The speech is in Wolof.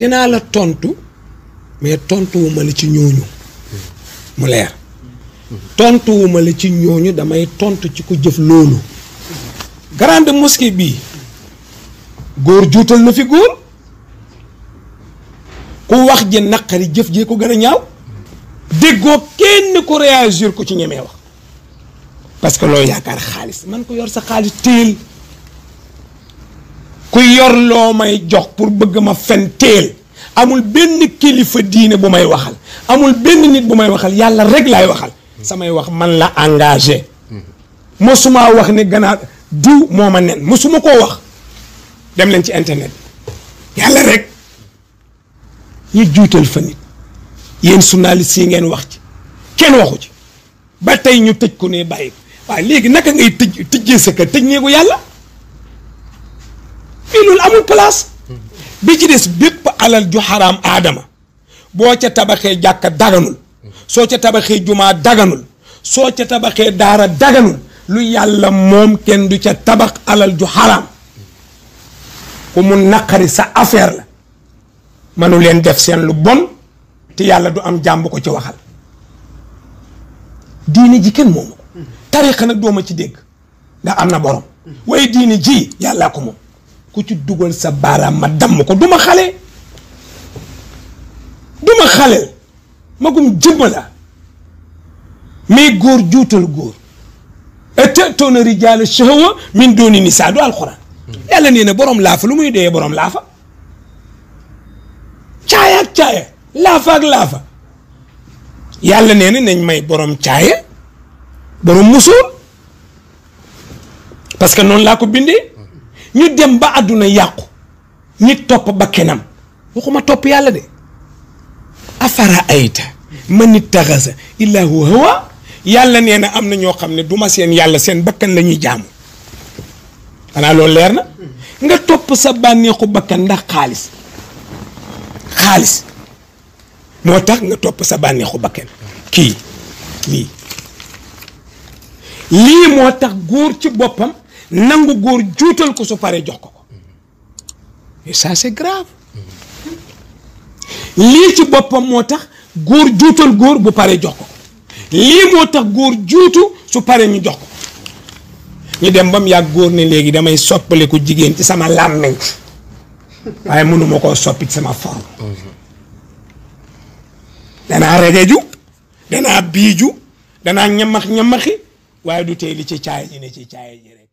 dinaa la tontu mais tontuwuma la ci ñooñu mu leer tontuwuma ci ñooñu damay tontu ci ko jëf loolu grande mosquée bii góor juutal na fi góor ku wax ji naqari jëf jee ko gën a ñaaw déggoo kenn ku ko ci ñemee wax parce que loolu yaakaar xaalis man ko yor sa xaalis téel ku yor loo may jox pour bëgg ma fen teel amul benn kilifa diine bu may waxal amul benn nit bu may waxal yàlla rek laay waxal samay wax man la engagé mosuma wax ne ganaar diw moo ma nen mosuma koo wax dem leen ci internet yàlla rek ñu juutal fa nit yéen journaliste yi ngeen wax ci kenn waxu ci ba tey ñu tëj ko ne bàyyi ko waaye léegi naka ngay tëj tëjee sa kër tëj néegu yàlla tey loolu amul place bépp alal ju xaraam aadama boo ca tabaxee jàkka daganul soo ca tabaxee jumaa daganul soo ca tabaxee daara daganul lu yàlla moom kenn du ca tabax alal ju xaraam ku naqari sa affaire la manu leen def seen lu bon te yàlla du am jàmb ko ci waxal diine ji kenn moomu ko tariqa nag dooma ci dégg ndax am na borom waaye diine ji yàllaa ko moom ku ci dugal sa baaraam ma damm ko du ma xale du ma xale magum jëmm la mais góor juutal góor tatoona rijaala shahwa min dooni nisaa du alxuraan hmm. yàlla nee na borom laafa lu muy dee borom laafa caaya ak caaya laafa ak laafa yàlla nee na nañ may borom caaya borom musóor parce que noonu laa ko bindee ñu dem ba àdduna yàqu nit topp ba kenam ma topp yàlla de afara ayta man ittaxasa illahu hawa yàlla nee na am na ñoo xam ne duma ma seen yàlla seen bakkan la ñuy jaamu xanaa loolu leer na nga topp sa bànneexu bakkan ndax xaalis xaalis moo tax nga topp sa bànneexu bakkan kii lii lii moo tax góor ci boppam nangu góor juutal ko su paree jox ko ko mais ça c'est lii moo tax góor juutal góor bu paree jox ko ko tax góor juutu su paree ñu jox ko ñu dem ba mu yàgg góor ne léegi damay soppale ko jigéen ci sama làmmiñ waaye mënuma koo soppi ci sama forme danaa regeju danaa biiju danaa ñamax ñamaxi waaye du tey li ci caay ji ne ci caay ji rek